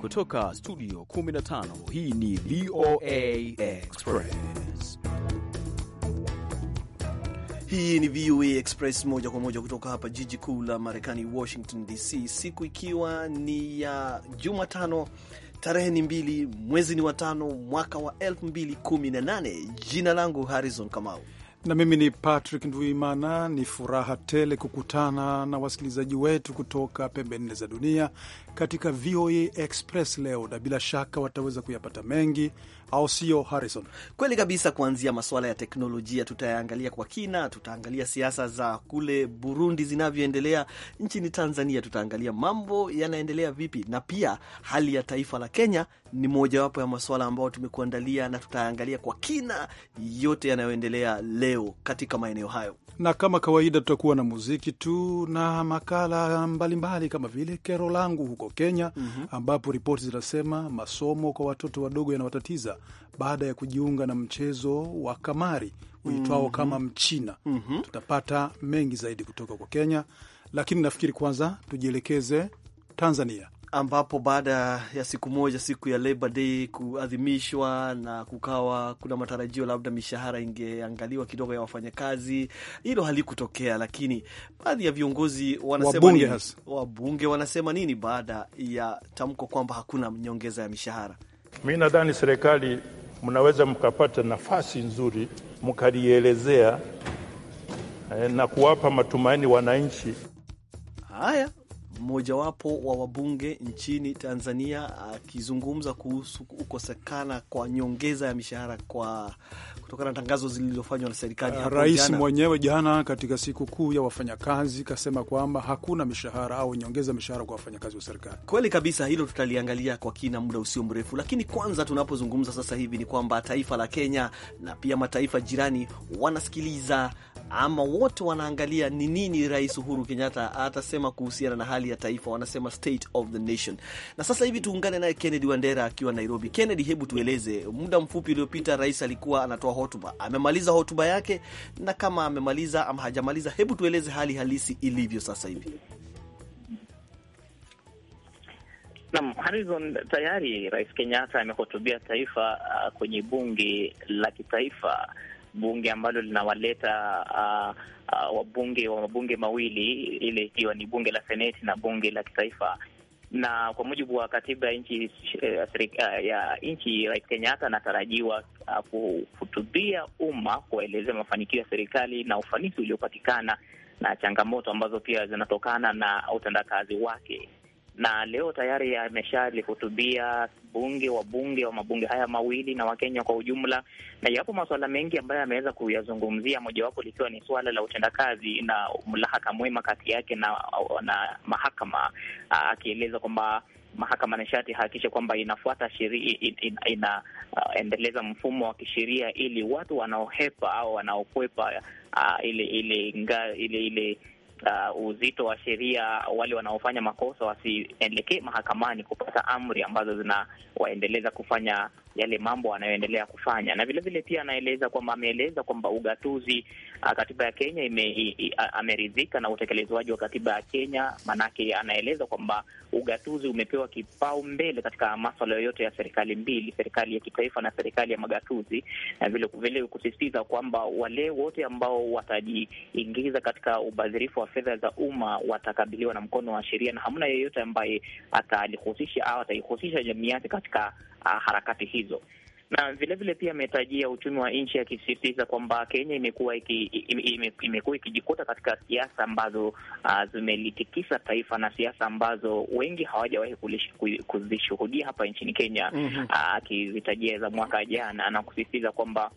Kutoka studio 15 hii ni VOA Express. Hii ni VOA Express moja kwa moja kutoka hapa jiji kuu la Marekani, Washington DC, siku ikiwa ni ya Jumatano tarehe ni mbili mwezi ni watano mwaka wa 2018. Jina langu Harrison Kamau na mimi ni Patrick Nduimana. Ni furaha tele kukutana na wasikilizaji wetu kutoka pembe nne za dunia katika VOA Express leo, na bila shaka wataweza kuyapata mengi au sio, Harrison? Kweli kabisa. Kuanzia masuala ya teknolojia tutayaangalia kwa kina, tutaangalia siasa za kule Burundi zinavyoendelea, nchini Tanzania tutaangalia mambo yanaendelea vipi, na pia hali ya taifa la Kenya ni mojawapo ya masuala ambayo tumekuandalia, na tutayaangalia kwa kina yote yanayoendelea leo katika maeneo hayo na kama kawaida tutakuwa na muziki tu na makala mbalimbali mbali, kama vile kero langu huko Kenya mm -hmm. ambapo ripoti zinasema masomo kwa watoto wadogo yanawatatiza baada ya kujiunga na mchezo wa kamari uitwao mm -hmm. kama mchina mm -hmm. tutapata mengi zaidi kutoka kwa Kenya, lakini nafikiri kwanza tujielekeze Tanzania ambapo baada ya siku moja, siku ya Labor Day kuadhimishwa na kukawa kuna matarajio labda mishahara ingeangaliwa kidogo ya wafanyakazi. Hilo halikutokea, lakini baadhi ya viongozi wanasema wabunge nini? Wabunge wanasema nini baada ya tamko kwamba hakuna nyongeza ya mishahara? Mi nadhani serikali mnaweza mkapata nafasi nzuri mkalielezea eh, na kuwapa matumaini wananchi. Haya, mmojawapo wa wabunge nchini Tanzania akizungumza kuhusu kukosekana kwa nyongeza ya mishahara kwa kutokana na tangazo zilizofanywa na serikali. Uh, rais jana mwenyewe jana katika siku kuu ya wafanyakazi kasema kwamba hakuna mishahara au nyongeza mishahara kwa wafanyakazi wa serikali. Kweli kabisa, hilo tutaliangalia kwa kina muda usio mrefu, lakini kwanza tunapozungumza sasa hivi ni kwamba taifa la Kenya na pia mataifa jirani wanasikiliza ama wote wanaangalia ni nini Rais Uhuru Kenyatta atasema kuhusiana na hali ya taifa, wanasema state of the nation. Na sasa hivi tuungane naye Kennedy Wandera akiwa Nairobi. Kennedy, hebu tueleze, muda mfupi uliopita rais alikuwa anatoa hotuba, amemaliza hotuba yake, na kama amemaliza ama hajamaliza, hebu tueleze hali halisi ilivyo sasa hivi. Naam, Harrison, tayari Rais Kenyatta amehutubia taifa uh, kwenye bunge la kitaifa bunge ambalo linawaleta uh, uh, wabunge wa mabunge mawili, ile ikiwa ni bunge la seneti na bunge la kitaifa na kwa mujibu wa katiba ya nchi eh, ah, ya nchi, Rais Kenyatta anatarajiwa kuhutubia umma, kuwaelezea mafanikio ya serikali na ufanisi uliopatikana na changamoto ambazo pia zinatokana na utendakazi wake na leo tayari ameshalihutubia bunge wa bunge wa mabunge haya mawili na Wakenya kwa ujumla, na yapo masuala mengi ambayo ameweza kuyazungumzia, mojawapo likiwa ni suala la utendakazi na mlahaka mwema kati yake na, na mahakama akieleza kwamba mahakama nishati hakikishe kwamba inafuata sheria inaendeleza ina, inaendeleza uh, mfumo wa kisheria ili watu wanaohepa au wanaokwepa uh, ile ile, nga, ile, ile uh, uzito wa sheria, wale wanaofanya makosa wasielekee mahakamani kupata amri ambazo zinawaendeleza kufanya yale mambo anayoendelea kufanya, na vilevile vile pia anaeleza kwamba ameeleza kwamba ugatuzi a, uh, katiba ya Kenya ime, i, a, ameridhika na utekelezwaji wa katiba ya Kenya. Maanake anaeleza kwamba ugatuzi umepewa kipaumbele katika maswala yoyote ya serikali mbili, serikali ya kitaifa na serikali ya magatuzi, na vile vile kusisitiza kwamba wale wote ambao watajiingiza katika ubadhirifu wa fedha za umma watakabiliwa na mkono wa sheria, na hamna yeyote ambaye atalihusisha au ataihusisha jamii yake katika uh, harakati hizo na vilevile vile pia ametajia uchumi wa nchi akisisitiza kwamba Kenya imekuwa imekuwa ikijikuta katika siasa ambazo uh, zimelitikisa taifa na siasa ambazo wengi hawajawahi kuzishuhudia hapa nchini Kenya, mhm. uh, akizitajia mm -hmm. uh, za mwaka jana na kusisitiza kwamba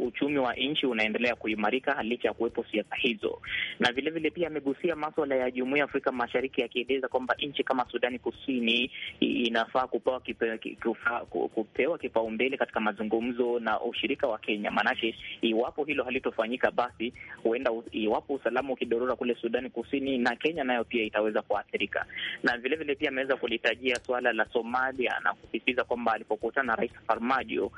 uchumi wa nchi unaendelea kuimarika licha ya kuwepo siasa hizo, na vilevile vile pia amegusia maswala ya jumuiya ya Afrika Mashariki akieleza kwamba nchi kama Sudani Kusini inafaa kupewa kipaumbele kipaumbele katika mazungumzo na ushirika wa Kenya, maanake iwapo hilo halitofanyika, basi huenda iwapo usalama ukidorora kule Sudani Kusini na Kenya nayo pia itaweza kuathirika. Na vilevile vile pia ameweza kulitajia suala la Somalia na kusisitiza kwamba alipokutana na Rais Farmajo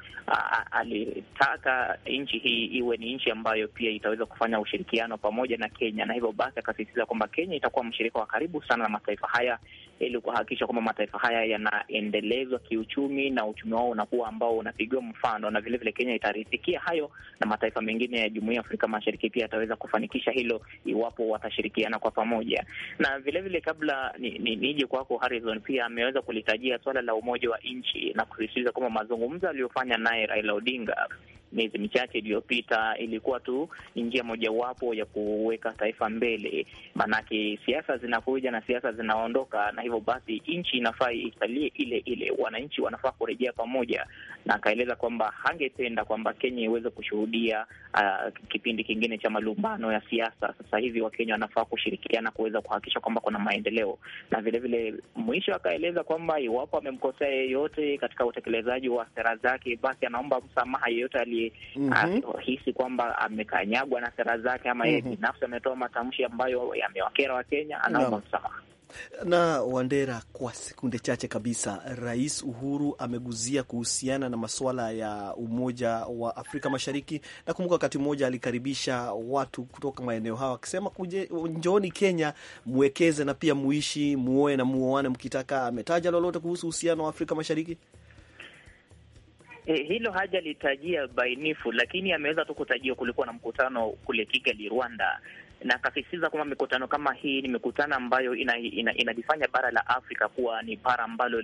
alitaka nchi hii iwe ni nchi ambayo pia itaweza kufanya ushirikiano pamoja na Kenya, na hivyo basi akasisitiza kwamba Kenya itakuwa mshirika wa karibu sana na mataifa haya ili kuhakikisha kwamba mataifa haya yanaendelezwa kiuchumi na uchumi wao unakuwa ambao unapigiwa mfano, na vilevile Kenya itaridhikia hayo na mataifa mengine ya Jumuiya ya Afrika Mashariki pia yataweza kufanikisha hilo iwapo watashirikiana kwa pamoja. Na vilevile, kabla niji ni, ni kwako Harrison, pia ameweza kulitajia swala la umoja wa nchi na kusisitiza kwamba mazungumzo aliyofanya naye Raila Odinga miezi michache iliyopita ilikuwa tu ni njia mojawapo ya kuweka taifa mbele, maanake siasa zinakuja na siasa zinaondoka, na hivyo basi nchi inafaa isalie ile ile, wananchi wanafaa kurejea pamoja, na akaeleza kwamba hangependa kwamba Kenya iweze kushuhudia uh, kipindi kingine cha malumbano ya siasa. Sasa hivi Wakenya wanafaa kushirikiana kuweza kuhakikisha kwamba kuna maendeleo, na vilevile vile, mwisho akaeleza kwamba iwapo amemkosea yeyote katika utekelezaji wa sera zake, basi anaomba msamaha yeyote aliyehisi uh, mhm. mm -hmm. kwamba amekanyagwa na sera zake ama yeye mm -hmm. binafsi ametoa matamshi ambayo yamewakera Wakenya, anaomba no. msamaha na Wandera, kwa sekunde chache kabisa, Rais Uhuru ameguzia kuhusiana na masuala ya Umoja wa Afrika Mashariki. Nakumbuka wakati mmoja alikaribisha watu kutoka maeneo hayo akisema, njooni Kenya mwekeze na pia muishi, muoe na muoane mkitaka. Ametaja lolote kuhusu uhusiano wa Afrika Mashariki? Eh, hilo hajalitajia bainifu, lakini ameweza tu kutajia kulikuwa na mkutano kule Kigali, Rwanda, na akasisitiza kwamba mikutano kama hii ni mikutano ambayo inajifanya ina, ina bara la Afrika kuwa ni bara ambalo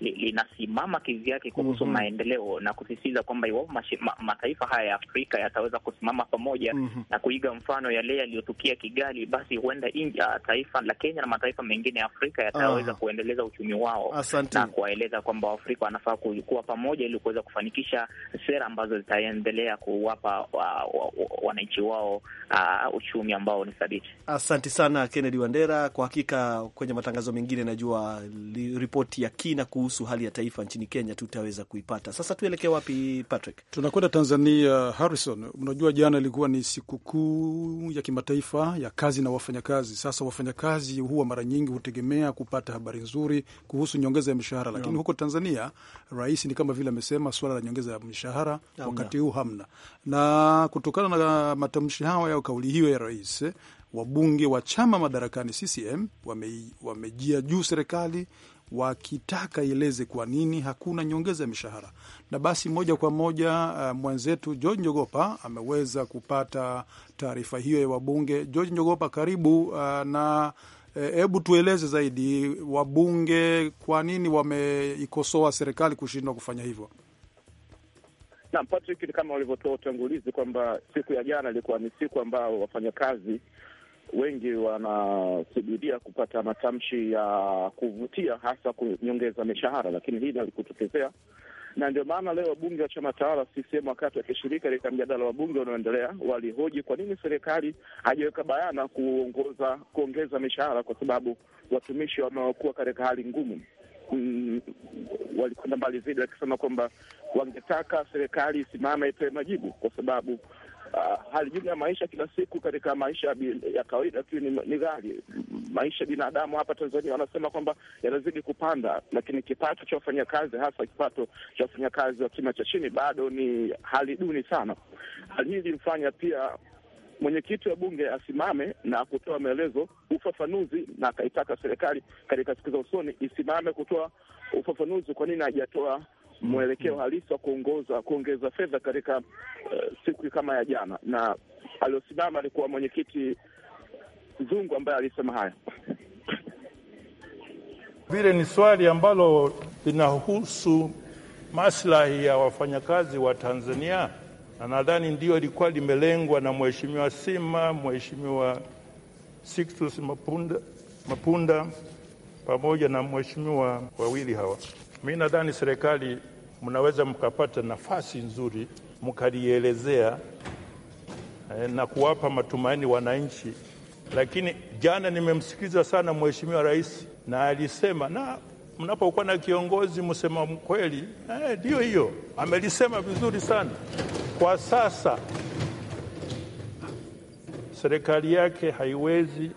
linasimama lina kivyake kuhusu mm -hmm. maendeleo na kusisitiza kwamba iwapo ma, mataifa haya ya Afrika yataweza kusimama pamoja mm -hmm. na kuiga mfano yale yaliyotukia Kigali, basi huenda taifa la Kenya na mataifa mengine ya Afrika yataweza ah. kuendeleza uchumi wao Asante. na kuwaeleza kwamba Waafrika wanafaa kuwa pamoja ili kuweza kufanikisha sera ambazo zitaendelea kuwapa wananchi wa, wa, wa, wa, wao uh, uchumi ambao ni thabiti. Asante sana Kennedy Wandera. Kwa hakika kwenye matangazo mengine najua ripoti ya kina kuhusu hali ya taifa nchini Kenya tutaweza kuipata. Sasa tuelekee wapi Patrick? Tunakwenda Tanzania, Harrison. Unajua jana ilikuwa ni sikukuu ya kimataifa ya kazi na wafanyakazi. Sasa wafanyakazi huwa mara nyingi hutegemea kupata habari nzuri kuhusu nyongeza ya mishahara, lakini yeah. huko Tanzania rais ni kama vile amesema swala la nyongeza ya mishahara Wakati huu hamna, na kutokana na matamshi hayo ya kauli hiyo ya rais Cisse, wabunge wa chama madarakani CCM wamejia juu serikali wakitaka ieleze kwa nini hakuna nyongeza ya mishahara. Na basi moja kwa moja uh, mwenzetu George Njogopa ameweza kupata taarifa hiyo ya wabunge. George Njogopa, karibu. Uh, na eh, hebu tueleze zaidi wabunge kwa nini wameikosoa serikali kushindwa kufanya hivyo. Naam, Patrick, kama walivyotoa utangulizi kwamba siku ya jana ilikuwa ni siku ambao wafanyakazi wengi wanasubiria kupata matamshi ya kuvutia, hasa kunyongeza mishahara, lakini hili halikutokezea na ndio maana leo wabunge wa chama tawala CCM wakati wakishiriki katika mjadala wa bunge unaoendelea walihoji kwa nini serikali hajaweka bayana kuongoza kuongeza mishahara, kwa sababu watumishi wanaokuwa katika hali ngumu walikwenda mbali zaidi wakisema kwamba wangetaka serikali isimame itoe majibu kwa sababu uh, hali jumla ya maisha kila siku katika maisha ya kawaida tu ni, ni ghali. Maisha ya binadamu hapa Tanzania wanasema kwamba yanazidi kupanda, lakini kipato cha wafanyakazi, hasa kipato cha wafanyakazi wa kima cha chini, bado ni hali duni sana. Hali hii ilimfanya pia mwenyekiti wa bunge asimame na kutoa maelezo, ufafanuzi, na akaitaka serikali katika siku za usoni isimame kutoa ufafanuzi kwa nini hajatoa mwelekeo halisi wa kuongoza kuongeza fedha katika uh, siku kama ya jana, na aliosimama alikuwa mwenyekiti Zungu ambaye alisema haya. Vile ni swali ambalo linahusu maslahi ya wafanyakazi wa Tanzania na nadhani ndio ilikuwa limelengwa na mheshimiwa Sima, mheshimiwa Sixtus Mapunda, Mapunda pamoja na mheshimiwa wawili hawa. Mimi nadhani serikali mnaweza mkapata nafasi nzuri mkalielezea eh, na kuwapa matumaini wananchi. Lakini jana nimemsikiliza sana mheshimiwa rais, na alisema na mnapokuwa na kiongozi msema mkweli, eh, ndio eh, hiyo amelisema vizuri sana. Kwa sasa serikali yake haiwezi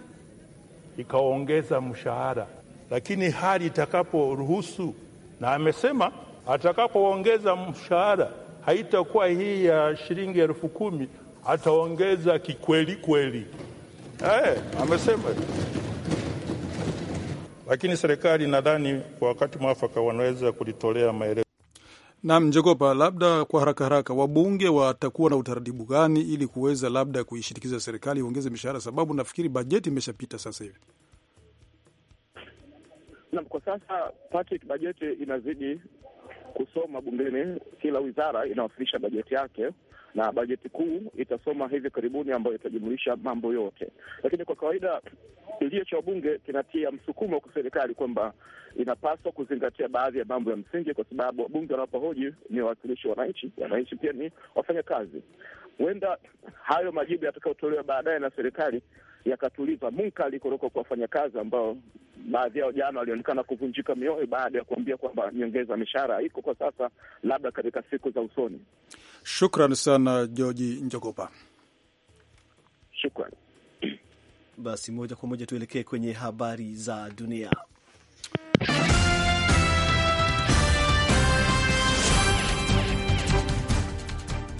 ikaongeza mshahara, lakini hali itakaporuhusu, na amesema atakapoongeza mshahara haitakuwa hii ya shilingi elfu kumi ataongeza kikweli kweli. Hey, eh, amesema lakini serikali nadhani kwa wakati mwafaka wanaweza kulitolea maelezo nam njogopa, labda kwa haraka haraka, wabunge watakuwa na utaratibu gani ili kuweza labda kuishirikiza serikali iongeze mishahara, sababu nafikiri bajeti imeshapita sasa hivi. nam kwa sasa Patrick, bajeti inazidi kusoma bungeni, kila wizara inawasilisha bajeti yake na bajeti kuu itasoma hivi karibuni, ambayo itajumulisha mambo yote. Lakini kwa kawaida kilio cha wabunge kinatia msukumo kwa serikali kwamba inapaswa kuzingatia baadhi ya mambo ya msingi, kwa sababu wabunge wanapohoji ni wawakilishi wa wananchi, wananchi pia ni wafanya kazi. Huenda hayo majibu yatakayotolewa baadaye na serikali yakatuliza munkali kutoka kwa wafanyakazi ambao baadhi yao jana walionekana kuvunjika mioyo baada ya kuambia kwamba nyongeza mishahara iko kwa sasa, labda katika siku za usoni. Shukran sana Georgi Njogopa, shukran. Basi moja kwa moja tuelekee kwenye habari za dunia.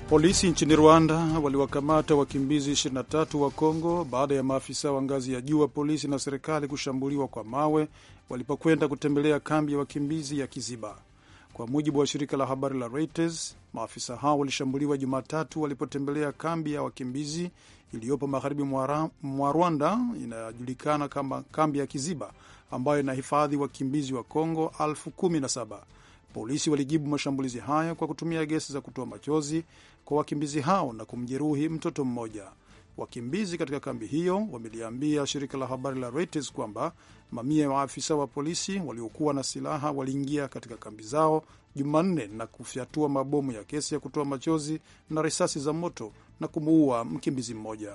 Polisi nchini Rwanda waliwakamata wakimbizi 23 wa Kongo baada ya maafisa wa ngazi ya juu wa polisi na serikali kushambuliwa kwa mawe walipokwenda kutembelea kambi ya wakimbizi ya Kiziba. Kwa mujibu wa shirika la habari la Reuters, maafisa hao walishambuliwa Jumatatu walipotembelea kambi ya wakimbizi iliyopo magharibi mwa Rwanda inayojulikana kama kambi ya Kiziba, ambayo inahifadhi wakimbizi wa Kongo elfu kumi na saba. Polisi walijibu mashambulizi hayo kwa kutumia gesi za kutoa machozi kwa wakimbizi hao na kumjeruhi mtoto mmoja. Wakimbizi katika kambi hiyo wameliambia shirika la habari la Reuters kwamba mamia ya maafisa wa polisi waliokuwa na silaha waliingia katika kambi zao Jumanne na kufyatua mabomu ya gesi ya kutoa machozi na risasi za moto na kumuua mkimbizi mmoja.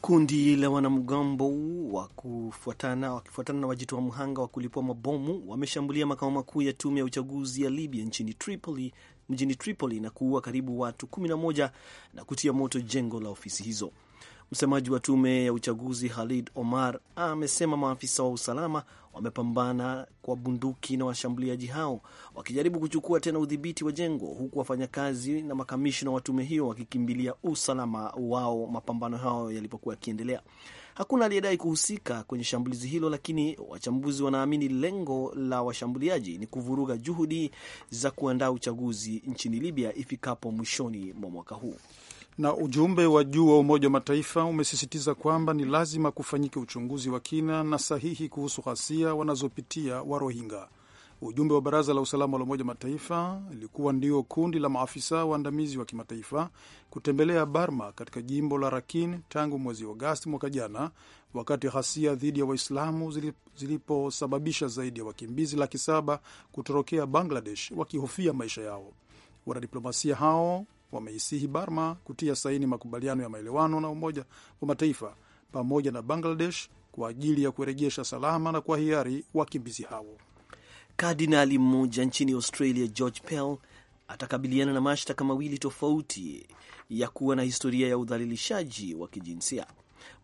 Kundi la wanamgambo wakufuatana wakifuatana na wajitoa mhanga wa kulipua mabomu wameshambulia makao makuu ya tume ya uchaguzi ya Libya nchini Tripoli, mjini Tripoli na kuua karibu watu 11 na kutia moto jengo la ofisi hizo. Msemaji wa tume ya uchaguzi Khalid Omar amesema maafisa wa usalama wamepambana kwa bunduki na washambuliaji hao wakijaribu kuchukua tena udhibiti wa jengo, huku wafanyakazi na makamishna wa tume hiyo wakikimbilia usalama wao mapambano hayo yalipokuwa yakiendelea. Hakuna aliyedai kuhusika kwenye shambulizi hilo, lakini wachambuzi wanaamini lengo la washambuliaji ni kuvuruga juhudi za kuandaa uchaguzi nchini Libya ifikapo mwishoni mwa mwaka huu. Na ujumbe wa juu wa Umoja wa Mataifa umesisitiza kwamba ni lazima kufanyike uchunguzi wa kina na sahihi kuhusu ghasia wanazopitia wa Rohingya. Ujumbe wa Baraza la Usalama la Umoja wa Mataifa ilikuwa ndio kundi la maafisa waandamizi wa, kimataifa kutembelea barma katika jimbo la Rakhine tangu mwezi Agosti mwaka jana, wakati ghasia dhidi ya Waislamu ziliposababisha zaidi ya wakimbizi laki saba kutorokea Bangladesh wakihofia maisha yao. Wanadiplomasia hao wameisihi Burma kutia saini makubaliano ya maelewano na Umoja wa Mataifa pamoja na Bangladesh kwa ajili ya kurejesha salama na kwa hiari wakimbizi hao. Kardinali mmoja nchini Australia, George Pell, atakabiliana na mashtaka mawili tofauti ya kuwa na historia ya udhalilishaji wa kijinsia.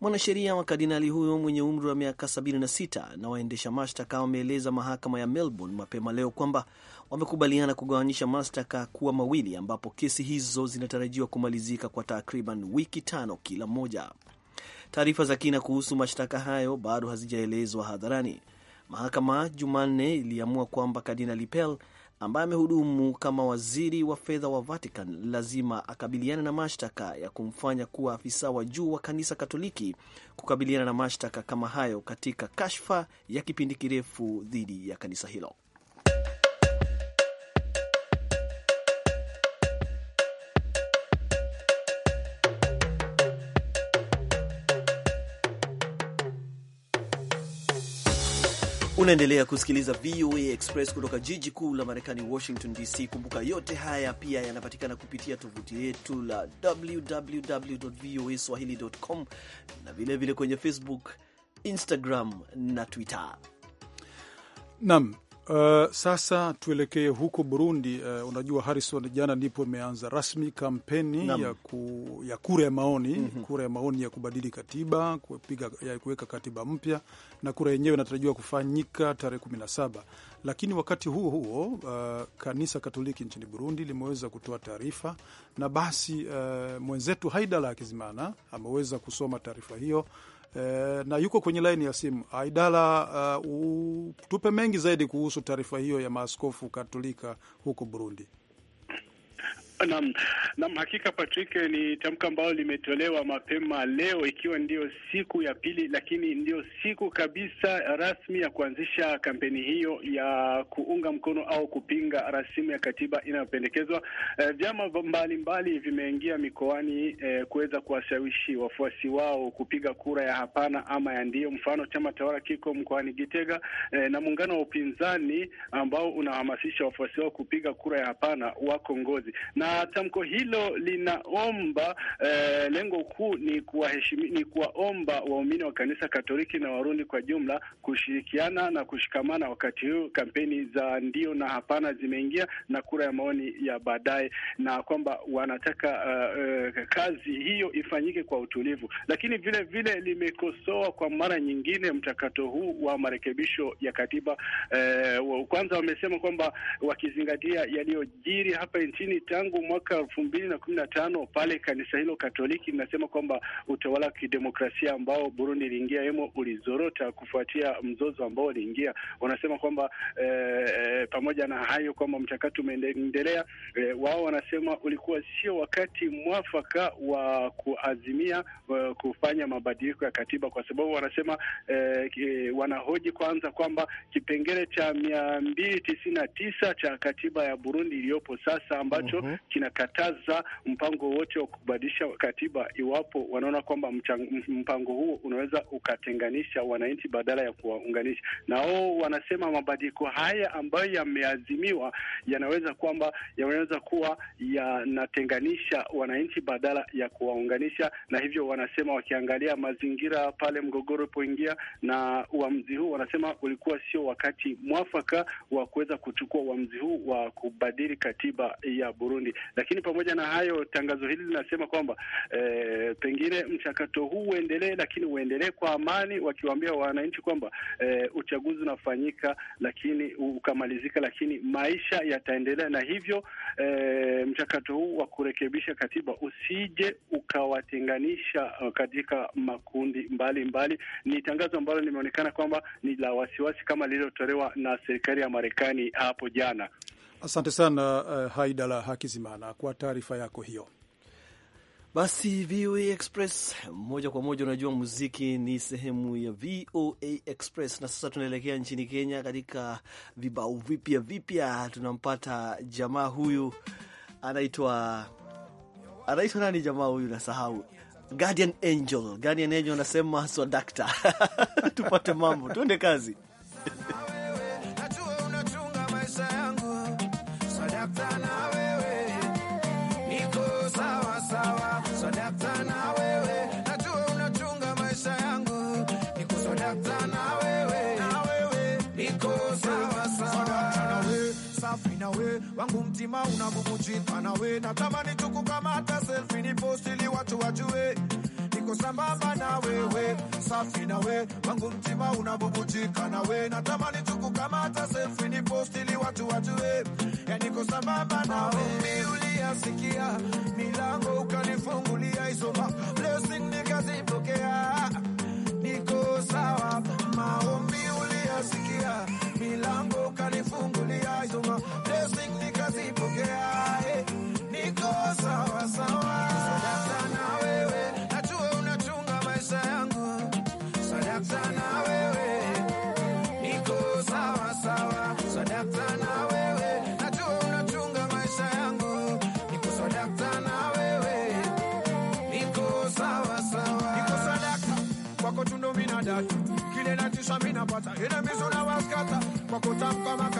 Mwanasheria wa kardinali huyo mwenye umri wa miaka 76 na waendesha mashtaka wameeleza mahakama ya Melbourne mapema leo kwamba wamekubaliana kugawanyisha mashtaka kuwa mawili, ambapo kesi hizo zinatarajiwa kumalizika kwa takriban wiki tano kila moja. Taarifa za kina kuhusu mashtaka hayo bado hazijaelezwa hadharani. Mahakama Jumanne iliamua kwamba Kardinali Pell ambaye amehudumu kama waziri wa fedha wa Vatican lazima akabiliane na mashtaka ya kumfanya kuwa afisa wa juu wa kanisa Katoliki kukabiliana na mashtaka kama hayo katika kashfa ya kipindi kirefu dhidi ya kanisa hilo. Unaendelea kusikiliza VOA Express kutoka jiji kuu la Marekani, Washington DC. Kumbuka yote haya pia yanapatikana kupitia tovuti yetu la www voa swahili.com na vilevile kwenye Facebook, Instagram na Twitter. Nam Uh, sasa tuelekee huko Burundi. Uh, unajua Harrison, jana ndipo imeanza rasmi kampeni ya, ku, ya kura ya maoni mm -hmm. Kura ya maoni ya kubadili katiba kupiga, ya kuweka katiba mpya na kura yenyewe inatarajiwa kufanyika tarehe kumi na saba, lakini wakati huo huo uh, kanisa Katoliki nchini Burundi limeweza kutoa taarifa na basi uh, mwenzetu Haidala Akizimana ameweza kusoma taarifa hiyo Eh, na yuko kwenye laini ya simu. Aidala, uh, tupe mengi zaidi kuhusu taarifa hiyo ya maaskofu Katolika huko Burundi. Nam, nam, hakika Patrick, ni tamko ambalo limetolewa mapema leo, ikiwa ndio siku ya pili, lakini ndio siku kabisa rasmi ya kuanzisha kampeni hiyo ya kuunga mkono au kupinga rasimu ya katiba inayopendekezwa. E, vyama mbalimbali vimeingia mikoani e, kuweza kuwashawishi wafuasi wao kupiga kura ya hapana ama ya ndio. Mfano, chama tawala kiko mkoani Gitega e, na muungano wa upinzani ambao unahamasisha wafuasi wao kupiga kura ya hapana wako Ngozi na na tamko hilo linaomba eh, lengo kuu ni kuwaheshimi, ni kuwaomba waumini wa kanisa Katoliki na Warundi kwa jumla kushirikiana na kushikamana wakati huu kampeni za ndio na hapana zimeingia na kura ya maoni ya baadaye, na kwamba wanataka uh, uh, kazi hiyo ifanyike kwa utulivu, lakini vile vile limekosoa kwa mara nyingine mchakato huu wa marekebisho ya katiba uh, kwanza wamesema kwamba wakizingatia yaliyojiri hapa nchini tangu tangu mwaka elfu mbili na kumi na tano pale kanisa hilo Katoliki linasema kwamba utawala wa kidemokrasia ambao Burundi iliingia emo ulizorota kufuatia mzozo ambao uliingia. Wanasema kwamba e, pamoja na hayo kwamba mchakato umeendelea, e, wao wanasema ulikuwa sio wakati mwafaka wa kuazimia e, kufanya mabadiliko ya katiba, kwa sababu wanasema e, wanahoji kwanza kwamba kipengele cha mia mbili tisini na tisa cha katiba ya Burundi iliyopo sasa ambacho uh mhm. -huh kinakataza mpango wote wa kubadilisha katiba iwapo wanaona kwamba mpango huo unaweza ukatenganisha wananchi badala ya kuwaunganisha. Na wao wanasema mabadiliko haya ambayo yameazimiwa yanaweza kwamba yanaweza kuwa yanatenganisha wananchi badala ya kuwaunganisha, na hivyo wanasema wakiangalia mazingira pale mgogoro ulipoingia na uamuzi huu, wanasema ulikuwa sio wakati mwafaka wa kuweza kuchukua uamuzi huu wa kubadili katiba ya Burundi. Lakini pamoja na hayo, tangazo hili linasema kwamba e, pengine mchakato huu uendelee, lakini uendelee kwa amani, wakiwaambia wananchi kwamba e, uchaguzi unafanyika lakini ukamalizika, lakini maisha yataendelea, na hivyo e, mchakato huu wa kurekebisha katiba usije ukawatenganisha uh, katika makundi mbalimbali mbali. Ni tangazo ambalo limeonekana kwamba ni la wasiwasi kama lililotolewa na serikali ya Marekani hapo jana. Asante sana uh, Haidala Hakizimana kwa taarifa yako hiyo. Basi VOA Express moja kwa moja, unajua muziki ni sehemu ya VOA Express, na sasa tunaelekea nchini Kenya katika vibao vipya vipya. Tunampata jamaa huyu anaitwa anaitwa nani jamaa huyu, nasahau Guardian Angel. Guardian Angel anasema swadakta. Tupate mambo, tuende kazi. wangu mtima unabubujika na we, natamani tukukamata selfie ni post ili watu wajue niko sambamba na wewe safi na we, wangu mtima unabubujika na we, natamani tukukamata selfie ni post ili watu wajue ya niko sambamba na wewe uliyasikia milango ukanifungulia hizo blessing nikazipokea niko sawa maombi uliyasikia kwa kutamka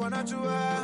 it.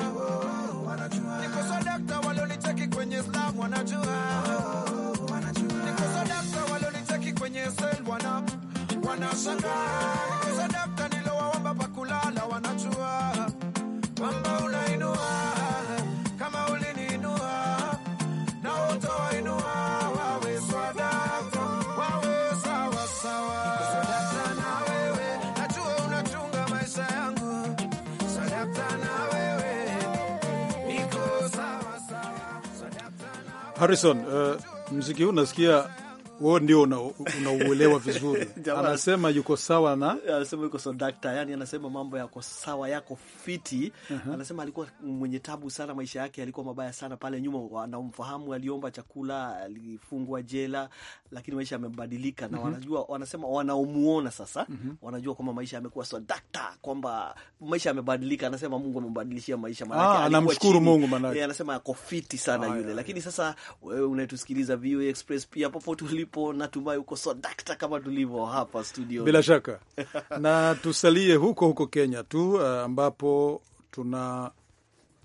Harrison, uh, muziki huu nasikia wewe ndio unauelewa una vizuri anasema yuko sawa na anasema yuko sawa dakta, yani anasema mambo yako sawa, yako fiti. uh -huh. Anasema alikuwa mwenye tabu sana, maisha yake yalikuwa mabaya sana pale nyuma, wanaomfahamu aliomba chakula, alifungwa jela, lakini maisha yamebadilika na uh -huh. wanajua, wanasema wanaomuona sasa uh -huh. wanajua kwamba maisha yamekuwa sawa dakta, kwamba maisha yamebadilika. Anasema Mungu amembadilishia maisha, maana ah, anamshukuru Mungu, maana yeye eh, anasema yako fiti sana ah, yule ya, ya. lakini Sasa wewe unayetusikiliza VOA Express pia popote ulipo, natumai uko swadakta kama tulivyo hapa studio. Bila shaka na tusalie huko huko Kenya tu uh, ambapo tuna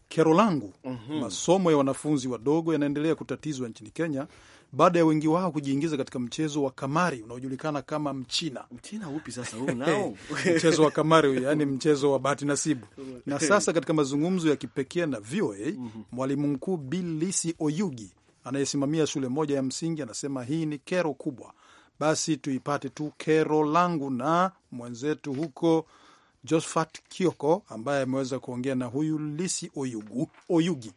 kero langu mm -hmm. Masomo ya wanafunzi wadogo yanaendelea kutatizwa nchini Kenya baada ya wengi wao kujiingiza katika mchezo wa kamari unaojulikana kama mchina. Mchina upi sasa huu nao? mchezo wa kamari, yani mchezo wa bahati nasibu. Na sasa katika mazungumzo ya kipekee na VOA, mhm. mwalimu mkuu lisi Oyugi anayesimamia shule moja ya msingi anasema hii ni kero kubwa, basi tuipate tu. Kero langu na mwenzetu huko Josphat Kioko ambaye ameweza kuongea na huyu Lisi Oyugu, Oyugi.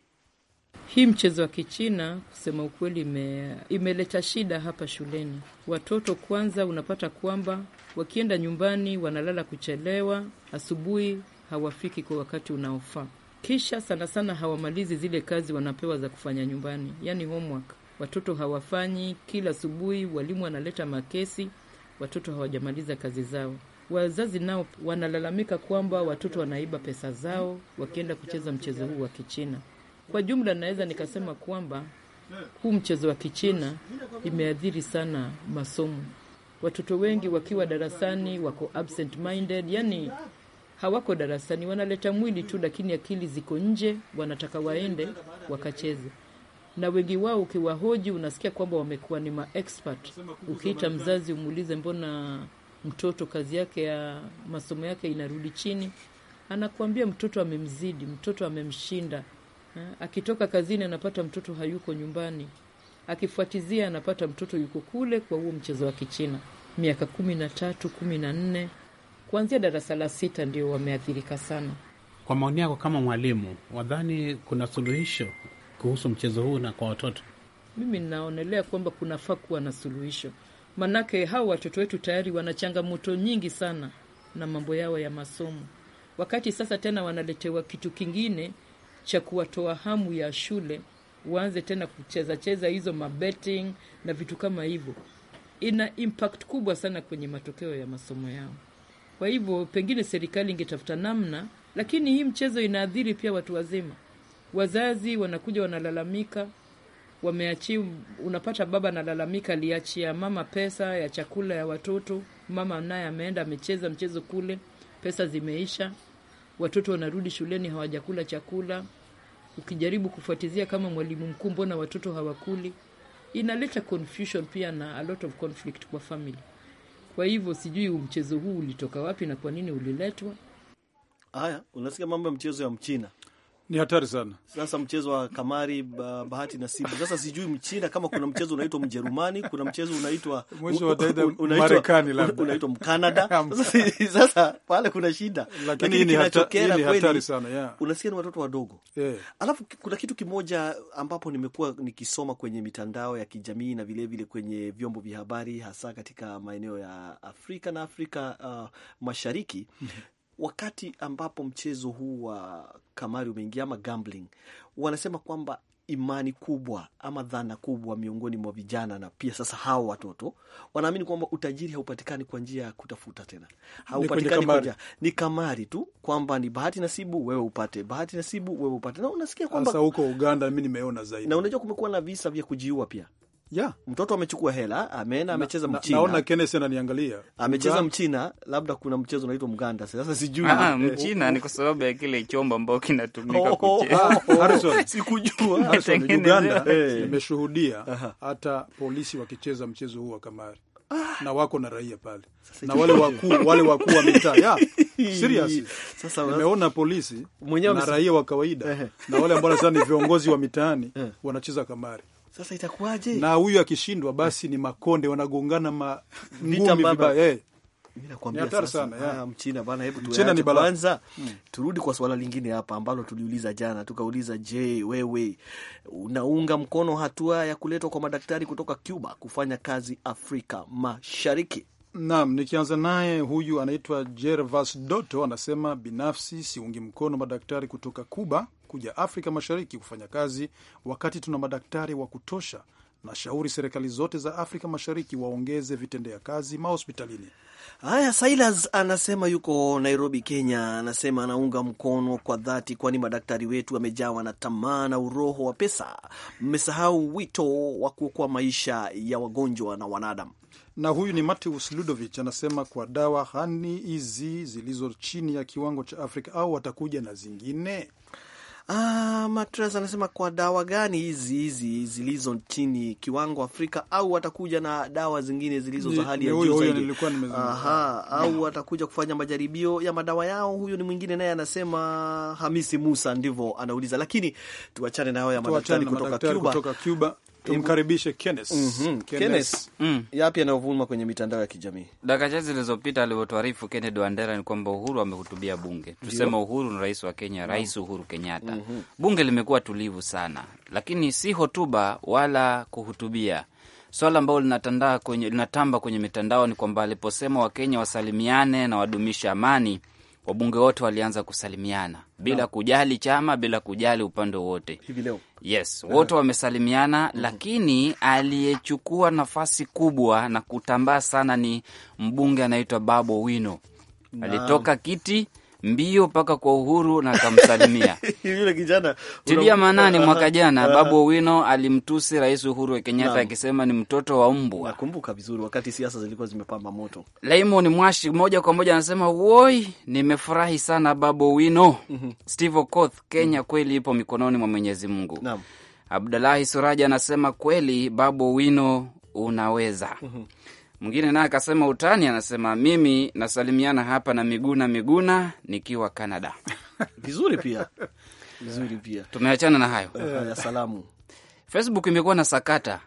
Hii mchezo wa Kichina kusema ukweli, ime, imeleta shida hapa shuleni. Watoto kwanza, unapata kwamba wakienda nyumbani wanalala kuchelewa, asubuhi hawafiki kwa wakati unaofaa. Kisha sana sana hawamalizi zile kazi wanapewa za kufanya nyumbani, yani homework. Watoto hawafanyi. Kila asubuhi walimu wanaleta makesi, watoto hawajamaliza kazi zao. Wazazi nao wanalalamika kwamba watoto wanaiba pesa zao wakienda kucheza mchezo huu wa Kichina. Kwa jumla, naweza nikasema kwamba huu mchezo wa Kichina imeathiri sana masomo. Watoto wengi wakiwa darasani wako absent minded, yani hawako darasani, wanaleta mwili tu, lakini akili ziko nje. Wanataka waende wakacheze, na wengi wao ukiwahoji unasikia kwamba wamekuwa ni maexpert. Ukiita mzazi umuulize, mbona mtoto kazi yake ya masomo yake inarudi chini, anakuambia mtoto amemzidi, mtoto amemshinda. Akitoka kazini anapata mtoto hayuko nyumbani, akifuatizia anapata mtoto yuko kule kwa huo mchezo wa Kichina, miaka kumi na tatu, kumi na nne kuanzia darasa la sita ndio wameathirika sana. Kwa maoni yako kama mwalimu, wadhani kuna suluhisho kuhusu mchezo huu na kwa watoto? Mimi naonelea kwamba kunafaa kuwa na suluhisho, manake hawa watoto wetu tayari wana changamoto nyingi sana na mambo yao ya masomo, wakati sasa tena wanaletewa kitu kingine cha kuwatoa hamu ya shule, waanze tena kuchezacheza hizo mabetting na vitu kama hivyo, ina impact kubwa sana kwenye matokeo ya masomo yao. Kwa hivyo pengine serikali ingetafuta namna, lakini hii mchezo inaathiri pia watu wazima. Wazazi wanakuja wanalalamika, wameachi, unapata baba analalamika, aliachia mama pesa ya chakula ya watoto, mama naye ameenda amecheza mchezo kule, pesa zimeisha, watoto wanarudi shuleni hawajakula chakula. Ukijaribu kufuatizia kama mwalimu mkuu, mbona watoto hawakuli? Inaleta confusion pia na a lot of conflict kwa family. Kwa hivyo sijui mchezo huu ulitoka wapi na kwa nini uliletwa. Haya, unasikia mambo ya mchezo ya Mchina ni hatari sana. Sasa mchezo wa kamari, bahati nasibu. Sasa sijui Mchina kama kuna mchezo unaitwa Mjerumani, kuna mchezo unaitwa Marekani, labda unaitwa Mkanada. Sasa pale kuna shida, lakini kinachokera kweli unasikia ni watoto wadogo. Alafu kuna kitu kimoja ambapo nimekuwa nikisoma kwenye mitandao ya kijamii na vilevile vile kwenye vyombo vya habari, hasa katika maeneo ya Afrika na Afrika uh, Mashariki mhm wakati ambapo mchezo huu wa kamari umeingia ama gambling, wanasema kwamba imani kubwa ama dhana kubwa miongoni mwa vijana na pia sasa hawa watoto wanaamini kwamba utajiri haupatikani kwa njia ya kutafuta tena, haupatikani kwa njia ni kamari tu, kwamba ni bahati nasibu wewe upate, bahati nasibu wewe upate. Na unasikia kwamba sasa huko Uganda mimi nimeona zaidi, na unajua kumekuwa na visa vya kujiua pia yeah. Mtoto amechukua hela, ameenda amecheza mchina. Naona Kenneth ananiangalia. Amecheza mchina, labda kuna mchezo unaitwa mganda. Sasa sijui. Ah, ah eh. mchina ni kwa sababu ya kile chombo ambacho kinatumika oh, oh, kucheza. Oh, Harrison, sikujua. Harrison, Uganda nimeshuhudia eh, hata polisi wakicheza mchezo huu wa kamari ah. na wako na raia pale na wale wakuu wale wakuu wa mitaa Yeah. serious. Sasa nimeona polisi mwenyewe na raia wa kawaida na wale ambao sasa ni viongozi wa mitaani eh. wanacheza kamari. Sasa itakuwaje? Na huyu akishindwa basi ni makonde wanagongana ma ngumi vibaya. Eh. Ah, kwanza, hmm. turudi kwa swala lingine hapa ambalo tuliuliza jana. Tukauliza, je, wewe unaunga mkono hatua ya kuletwa kwa madaktari kutoka Cuba kufanya kazi Afrika Mashariki? Naam, nikianza naye huyu anaitwa Jervas Doto, anasema binafsi siungi mkono madaktari kutoka Cuba kuja Afrika Mashariki kufanya kazi, wakati tuna madaktari wa kutosha na shauri serikali zote za Afrika Mashariki waongeze vitendea kazi mahospitalini. Haya, Silas anasema yuko Nairobi, Kenya. Anasema anaunga mkono kwa dhati, kwani madaktari wetu wamejawa na tamaa na uroho wa pesa. Mmesahau wito wa kuokoa maisha ya wagonjwa na wanadamu. Na huyu ni Mateus Ludovich anasema kwa dawa hani hizi zilizo chini ya kiwango cha Afrika au watakuja na zingine Ah, Matras anasema kwa dawa gani hizi hizi zilizo chini kiwango Afrika, au atakuja na dawa zingine zilizo za hali ya juu zaidi? Aha, au watakuja kufanya majaribio ya madawa yao? Huyo ni mwingine naye anasema Hamisi Musa, ndivyo anauliza. Lakini tuachane na hayo ya madaktari kutoka, kutoka Cuba. Tumkaribishe Kenneth. Mm -hmm. Kenneth. Mm. Yapi yanayovuma kwenye mitandao ya kijamii? Dakika chache zilizopita alivyotuarifu Kennedy Wandera ni kwamba Uhuru amehutubia bunge. Tusema Uhuru ni rais wa Kenya, Rais Uhuru Kenyatta. Mm -hmm. Bunge limekuwa tulivu sana, lakini si hotuba wala kuhutubia. Swala ambalo linatanda kwenye linatamba kwenye mitandao ni kwamba aliposema Wakenya wasalimiane na wadumishe amani wabunge wote walianza kusalimiana bila no. kujali chama, bila kujali upande wote Hivi leo yes, wote wamesalimiana mm -hmm. Lakini aliyechukua nafasi kubwa na kutambaa sana ni mbunge anaitwa babo Wino, alitoka kiti mbio mpaka kwa Uhuru na akamsalimia yule kijana. Tilia maanani mwaka jana Babu Owino alimtusi Rais Uhuru Kenyatta akisema ni mtoto wa mbwa. Nakumbuka vizuri, wakati siasa zilikuwa zimepamba moto. Laimon Mwashi moja kwa moja anasema woi, nimefurahi sana Babu Owino. Mhm. Steve Okoth, Kenya kweli ipo mikononi mwa Mwenyezi Mungu. Naam. Abdalahi anasema kweli Babu Owino unaweza. mm -hmm. Mwingine naye akasema utani, anasema mimi nasalimiana hapa na Miguna Miguna nikiwa Canada. Vizuri pia, vizuri pia. Tumeachana na hayo eh, ya salamu. Facebook imekuwa na sakata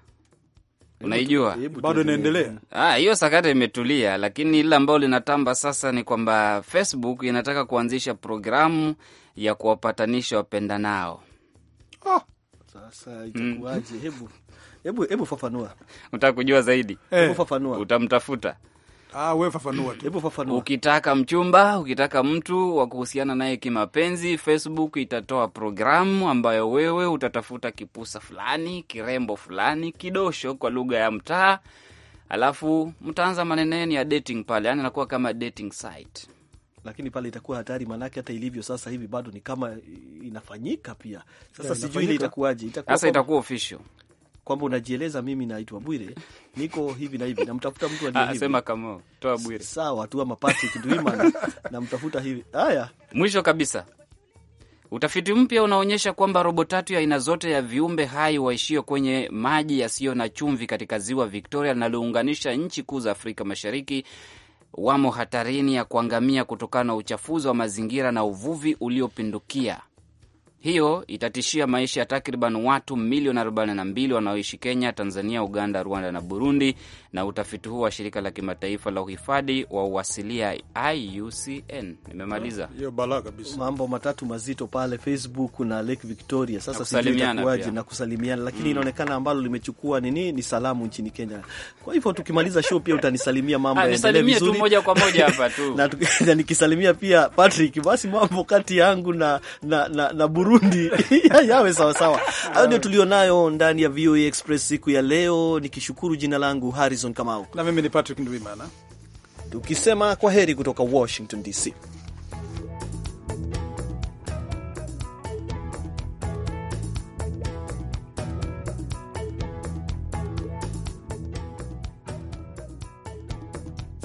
Unaijua, bado inaendelea. Ah, hiyo sakata imetulia, lakini ile ambayo linatamba sasa ni kwamba Facebook inataka kuanzisha programu ya kuwapatanisha wapenda nao. Oh, sasa itakuwaje? Mm. Hebu Hebu hebu fafanua. Unataka kujua zaidi? Hebu eh, fafanua. Utamtafuta. Ah, wewe fafanua tu. Hebu fafanua. Ukitaka mchumba, ukitaka mtu wa kuhusiana naye kimapenzi, Facebook itatoa programu ambayo wewe utatafuta kipusa fulani, kirembo fulani, kidosho kwa lugha ya mtaa. Alafu mtaanza maneneni ya dating pale, yani inakuwa kama dating site. Lakini pale itakuwa hatari, maanake hata ilivyo sasa hivi bado ni kama inafanyika pia. Sasa eh, sijui ile itakuwaje, itakuwa sasa itakuwa official kwamba unajieleza, mimi naitwa Bwire, niko hivi na hivi, namtafuta mtu aliye ah, hivi, sema kama toa Bwire, sawa tu, ama pati kiduima, namtafuta hivi. Haya, mwisho kabisa Utafiti mpya unaonyesha kwamba robo tatu ya aina zote ya viumbe hai waishio kwenye maji yasiyo na chumvi katika ziwa Victoria linalounganisha nchi kuu za Afrika Mashariki wamo hatarini ya kuangamia kutokana na uchafuzi wa mazingira na uvuvi uliopindukia. Hiyo itatishia maisha ya takriban watu milioni 42 wanaoishi Kenya, Tanzania, Uganda, Rwanda na Burundi. Na utafiti huu wa shirika la kimataifa la uhifadhi wa uasilia IUCN. Nimemaliza hiyo balaa kabisa, mambo matatu mazito pale Facebook na Lake Victoria. Sasa sijui na kusalimiana, lakini mm, inaonekana ambalo limechukua nini ni salamu nchini Kenya. Kwa hivyo tukimaliza show pia utanisalimia, mambo ah, yaendelee vizuri tu moja kwa moja hapa tu na nikisalimia pia Patrick, basi mambo kati yangu na, na, na, na Burundi Burundi yawe sawasawa. Hayo ndio tulionayo ndani ya VOA Express siku ya leo, nikishukuru. Jina langu Harrison Kamau, na mimi ni Patrick Ndwimana, tukisema kwa heri kutoka Washington DC.